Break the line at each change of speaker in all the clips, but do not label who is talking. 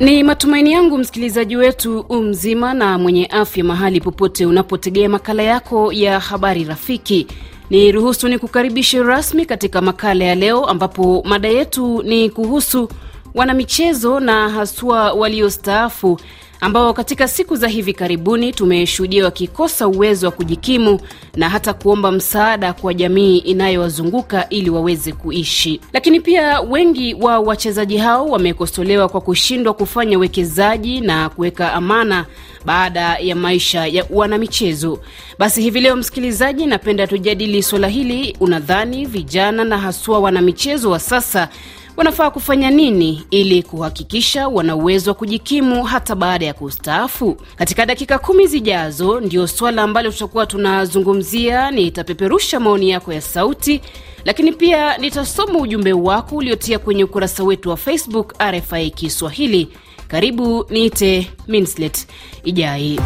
Ni matumaini yangu msikilizaji wetu umzima na mwenye afya mahali popote unapotegea makala yako ya habari rafiki. Ni ruhusu ni kukaribishe rasmi katika makala ya leo, ambapo mada yetu ni kuhusu wanamichezo na haswa waliostaafu ambao katika siku za hivi karibuni tumeshuhudia wakikosa uwezo wa kujikimu na hata kuomba msaada kwa jamii inayowazunguka ili waweze kuishi. Lakini pia wengi wa wachezaji hao wamekosolewa kwa kushindwa kufanya uwekezaji na kuweka amana baada ya maisha ya wanamichezo. Basi hivi leo, msikilizaji, napenda tujadili swala hili. Unadhani vijana na haswa wanamichezo wa sasa wanafaa kufanya nini ili kuhakikisha wana uwezo wa kujikimu hata baada ya kustaafu. Katika dakika kumi zijazo, ndio swala ambalo tutakuwa tunazungumzia. Nitapeperusha maoni yako ya sauti, lakini pia nitasoma ujumbe wako uliotia kwenye ukurasa wetu wa Facebook RFI Kiswahili. Karibu, niite Minslet Ijai.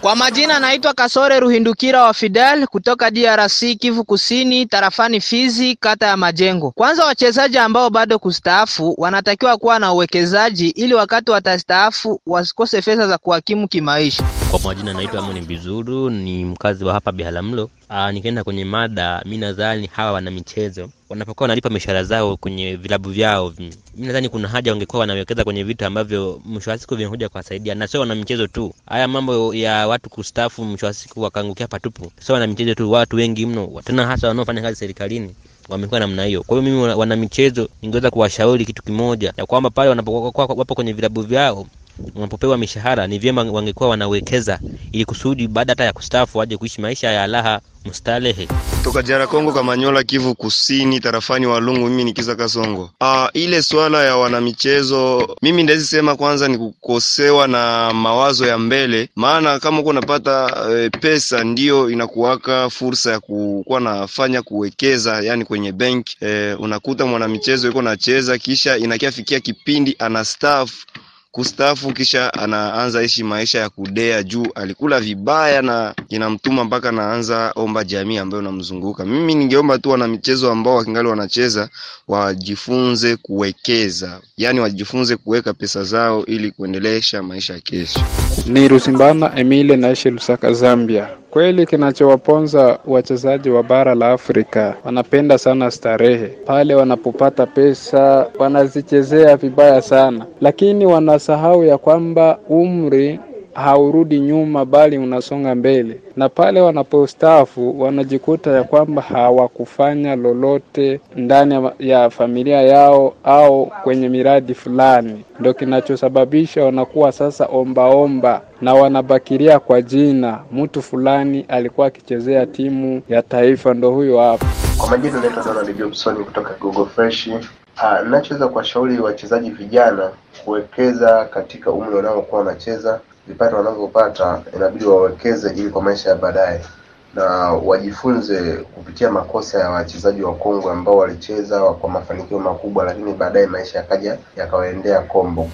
Kwa majina naitwa Kasore Ruhindukira wa Fidel kutoka DRC Kivu Kusini, tarafani Fizi, kata ya Majengo. Kwanza, wachezaji ambao bado kustaafu wanatakiwa kuwa na uwekezaji ili wakati watastaafu wasikose fedha za kuhakimu kimaisha. Kwa majina naitwa Amoni bizuru ni mkazi wa hapa Biharamulo. Ah, nikaenda kwenye mada, mi nadhani hawa wana michezo wanapokuwa wanalipa mishahara zao kwenye vilabu vyao, mi nadhani kuna haja wangekuwa wanawekeza kwenye vitu ambavyo mwisho wa siku vinakuja kuwasaidia, na sio wana michezo tu. Haya mambo ya watu kustafu mwisho wa siku wakaangukia patupu, sio wana michezo tu, watu wengi mno, tena hasa wanaofanya kazi serikalini wamekuwa namna hiyo. Kwa hiyo mimi wana michezo ningeweza kuwashauri kitu kimoja, ya kwamba pale wanapokuwa wapo kwenye vilabu vyao wanapopewa mishahara ni vyema wangekuwa wanawekeza ili kusudi baada hata ya kustaafu waje kuishi maisha ya raha mstalehe. Toka Jara Kongo Kamanyola, Kivu Kusini, tarafani Walungu, mimi ni Kasongo. Ah, ile swala ya wanamichezo, mimi ndaweza sema kwanza ni kukosewa na mawazo ya mbele, maana kama uko unapata e, pesa ndio inakuwaka fursa ya kukuwa nafanya kuwekeza, yani kwenye benki e, eh, unakuta mwanamichezo yuko nacheza, kisha inakiafikia kipindi staff kustafu kisha anaanza ishi maisha ya kudea juu alikula vibaya na inamtuma mpaka anaanza omba jamii ambayo namzunguka. Mimi ningeomba tu wana michezo ambao wakingali wanacheza wajifunze kuwekeza yaani wajifunze kuweka pesa zao ili kuendelesha maisha ya kesho. Ni Rusimbana Emile, naishi Lusaka, Zambia. Kweli kinachowaponza wachezaji wa bara la Afrika, wanapenda sana starehe. Pale wanapopata pesa wanazichezea vibaya sana, lakini wanasahau ya kwamba umri haurudi nyuma bali unasonga mbele, na pale wanapostaafu wanajikuta ya kwamba hawakufanya lolote ndani ya familia yao au kwenye miradi fulani, ndio kinachosababisha wanakuwa sasa ombaomba omba, na wanabakiria kwa jina mtu fulani alikuwa akichezea timu ya taifa, ndo huyo hapa. Kwa majina naitwa Donald Jobson kutoka Google Fresh. Ah, ninachoweza kuwashauri wachezaji vijana kuwekeza katika umri wanaokuwa wanacheza vipato wanavyopata inabidi wawekeze ili kwa maisha ya baadaye na wajifunze kupitia makosa ya wachezaji wa kongwe ambao walicheza kwa mafanikio makubwa, lakini baadaye maisha yakaja yakawaendea kombo.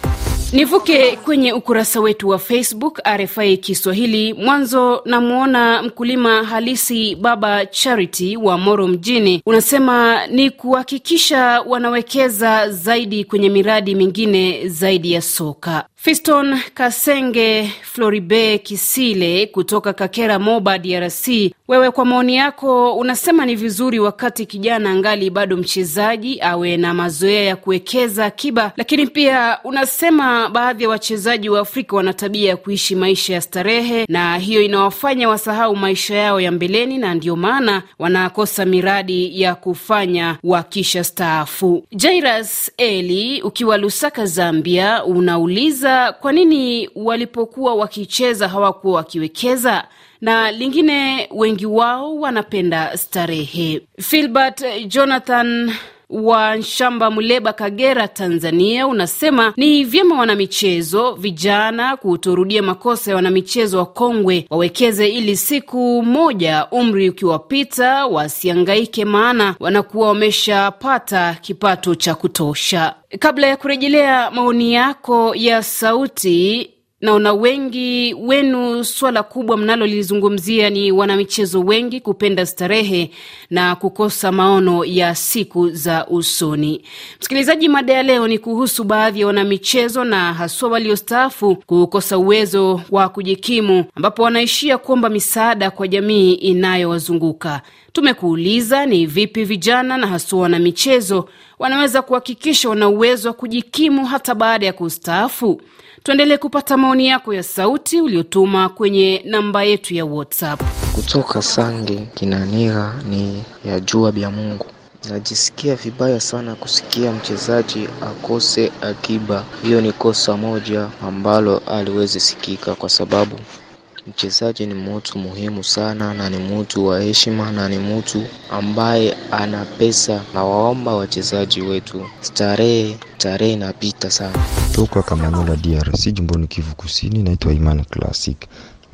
Nivuke kwenye ukurasa wetu wa Facebook RFI Kiswahili. Mwanzo namwona mkulima halisi Baba Charity wa Moro mjini, unasema ni kuhakikisha wanawekeza zaidi kwenye miradi mingine zaidi ya soka. Fiston Kasenge Floribe Kisile kutoka Kakera, Moba, DRC wewe kwa maoni yako unasema ni vizuri wakati kijana angali bado mchezaji awe na mazoea ya kuwekeza akiba, lakini pia unasema baadhi ya wachezaji wa Afrika wana tabia ya kuishi maisha ya starehe, na hiyo inawafanya wasahau maisha yao ya mbeleni, na ndiyo maana wanakosa miradi ya kufanya wakisha staafu. Jairas Eli ukiwa Lusaka, Zambia, unauliza kwa nini walipokuwa wakicheza hawakuwa wakiwekeza? na lingine, wengi wao wanapenda starehe. Filbert Jonathan wa Nshamba, Muleba, Kagera, Tanzania, unasema ni vyema wanamichezo vijana kutorudia makosa ya wanamichezo wakongwe, wawekeze ili siku moja umri ukiwapita wasiangaike, maana wanakuwa wameshapata kipato cha kutosha. Kabla ya kurejelea maoni yako ya sauti Naona wengi wenu, swala kubwa mnalolizungumzia ni wanamichezo wengi kupenda starehe na kukosa maono ya siku za usoni. Msikilizaji, mada ya leo ni kuhusu baadhi ya wanamichezo na haswa waliostaafu kukosa uwezo wa kujikimu, ambapo wanaishia kuomba misaada kwa jamii inayowazunguka. Tumekuuliza ni vipi vijana na haswa wanamichezo wanaweza kuhakikisha wana uwezo wa kujikimu hata baada ya kustaafu. Tuendelee kupata maoni yako ya sauti uliotuma kwenye namba yetu ya WhatsApp. Kutoka Sange kinanira ni ya jua bya Mungu. Najisikia vibaya sana kusikia mchezaji akose akiba. Hiyo ni kosa moja ambalo aliwezi sikika kwa sababu Mchezaji ni mtu muhimu sana na ni mtu wa heshima na ni mtu ambaye ana pesa, na waomba wachezaji wetu starehe starehe inapita sana. Toka Kamanyola, DRC, jimboni Kivu Kusini. Naitwa Imani Classic.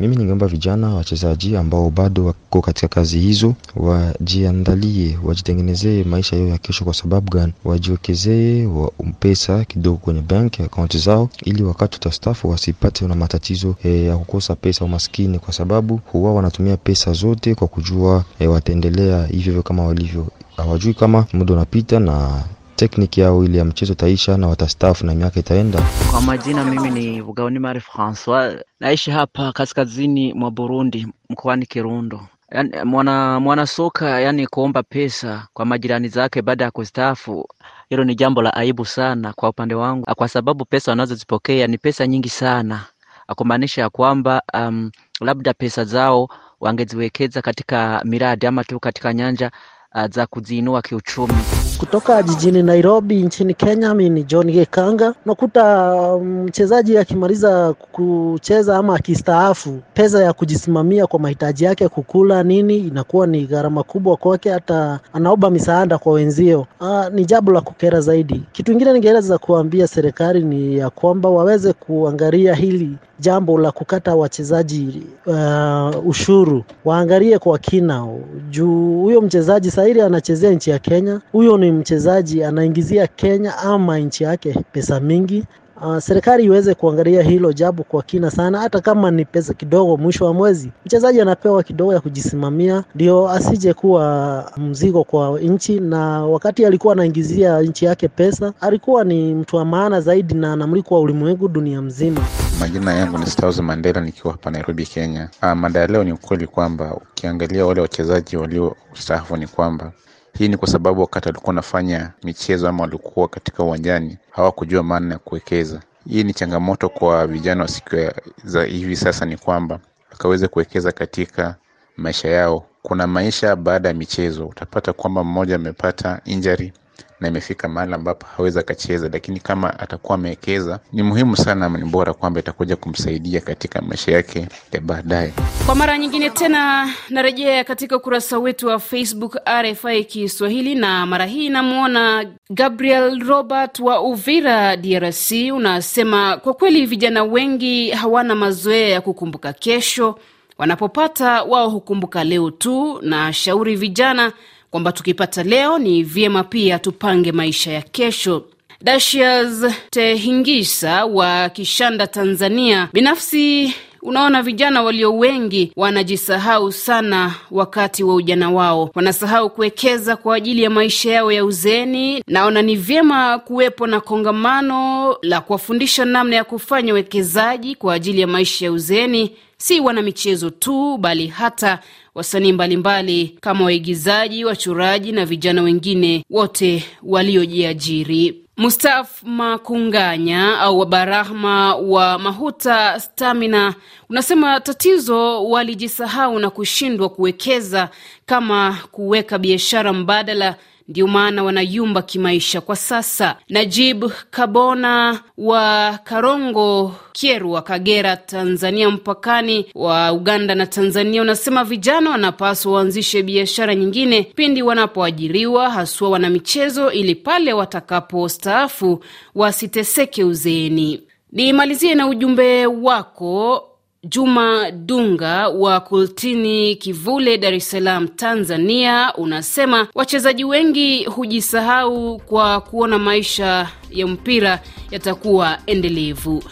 Mimi ningeomba vijana wachezaji ambao bado wako katika kazi hizo wajiandalie, wajitengenezee maisha yao ya kesho. Kwa sababu gani? Wajiwekezee wa pesa kidogo kwenye bank account zao, ili wakati utastafu wasipate na matatizo e, ya kukosa pesa, umaskini, kwa sababu huwa wanatumia pesa zote kwa kujua e, wataendelea hivyo hivyo kama walivyo, hawajui kama muda unapita na tekniki yao ili ya mchezo itaisha na watastafu na miaka itaenda. Kwa majina, mimi ni Bugaoni Mari Francois, naishi hapa kaskazini mwa Burundi mkoani Kirundo. Yani, mwana mwana soka yani kuomba pesa kwa majirani zake baada ya kustafu hilo ni jambo la aibu sana kwa upande wangu, kwa sababu pesa wanazozipokea ni pesa nyingi sana, akumaanisha ya kwamba um, labda pesa zao wangeziwekeza katika miradi ama tu katika nyanja Uh, za kujiinua kiuchumi. Kutoka jijini Nairobi nchini Kenya, mi ni John Gekanga. Unakuta um, mchezaji akimaliza kucheza ama akistaafu, pesa ya kujisimamia kwa mahitaji yake, kukula nini, inakuwa ni gharama kubwa kwake, hata anaomba misaada kwa wenzio. Aa, ah, ni jambo la kukera zaidi. Kitu ingine ningeweza kuambia serikali ni ya kwamba waweze kuangalia hili jambo la kukata wachezaji uh, ushuru, waangalie kwa kina juu huyo mchezaji sa Sairi anachezea nchi ya Kenya. Huyo ni mchezaji anaingizia Kenya ama nchi yake pesa mingi. Uh, serikali iweze kuangalia hilo jambo kwa kina sana, hata kama ni pesa kidogo. Mwisho wa mwezi mchezaji anapewa kidogo ya kujisimamia, ndio asije kuwa mzigo kwa nchi. Na wakati alikuwa anaingizia nchi yake pesa, alikuwa ni mtu wa maana zaidi na anamlikwa ulimwengu, dunia mzima. Majina yangu ni Stars Mandela nikiwa hapa Nairobi, Kenya. Ah, mada ya leo ni ukweli kwamba ukiangalia wale wachezaji walio waliostaafu ni kwamba hii ni kwa sababu wakati walikuwa wanafanya michezo ama walikuwa katika uwanjani hawakujua maana ya kuwekeza. Hii ni changamoto kwa vijana wa siku za hivi sasa, ni kwamba wakaweze kuwekeza katika maisha yao. Kuna maisha baada ya michezo. Utapata kwamba mmoja amepata injury na imefika mahali ambapo hawezi akacheza, lakini kama atakuwa amewekeza, ni muhimu sana, ni bora kwamba itakuja kumsaidia katika maisha yake ya baadaye. Kwa mara nyingine tena narejea katika ukurasa wetu wa Facebook RFI Kiswahili, na mara hii namwona Gabriel Robert wa Uvira, DRC. Unasema kwa kweli vijana wengi hawana mazoea ya kukumbuka kesho, wanapopata wao hukumbuka leo tu, na shauri vijana kwamba tukipata leo ni vyema pia tupange maisha ya kesho. Dashias Tehingisa wa Kishanda, Tanzania, binafsi Unaona, vijana walio wengi wanajisahau sana wakati wa ujana wao, wanasahau kuwekeza kwa ajili ya maisha yao ya uzeni. Naona ni vyema kuwepo na kongamano la kuwafundisha namna ya kufanya uwekezaji kwa ajili ya maisha ya uzeni, si wanamichezo tu, bali hata wasanii mbalimbali kama waigizaji, wachoraji na vijana wengine wote waliojiajiri. Mustaf Makunganya au Wabarahma wa Mahuta Stamina unasema tatizo walijisahau na kushindwa kuwekeza kama kuweka biashara mbadala ndio maana wanayumba kimaisha kwa sasa. Najib Kabona wa Karongo Kieru wa Kagera, Tanzania, mpakani wa Uganda na Tanzania, unasema vijana wanapaswa waanzishe biashara nyingine pindi wanapoajiriwa, haswa wanamichezo, ili pale watakapostaafu wasiteseke uzeeni. Nimalizie na ujumbe wako Juma Dunga wa Kultini Kivule, Dar es Salaam, Tanzania, unasema wachezaji wengi hujisahau kwa kuona maisha ya mpira yatakuwa endelevu.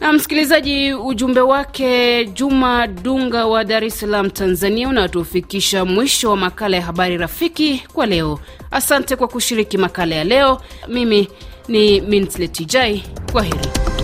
Na msikilizaji, ujumbe wake Juma Dunga wa Dar es Salaam, Tanzania, unatufikisha mwisho wa makala ya Habari Rafiki kwa leo. Asante kwa kushiriki makala ya leo. Mimi ni minsletijai Jai, kwa heri.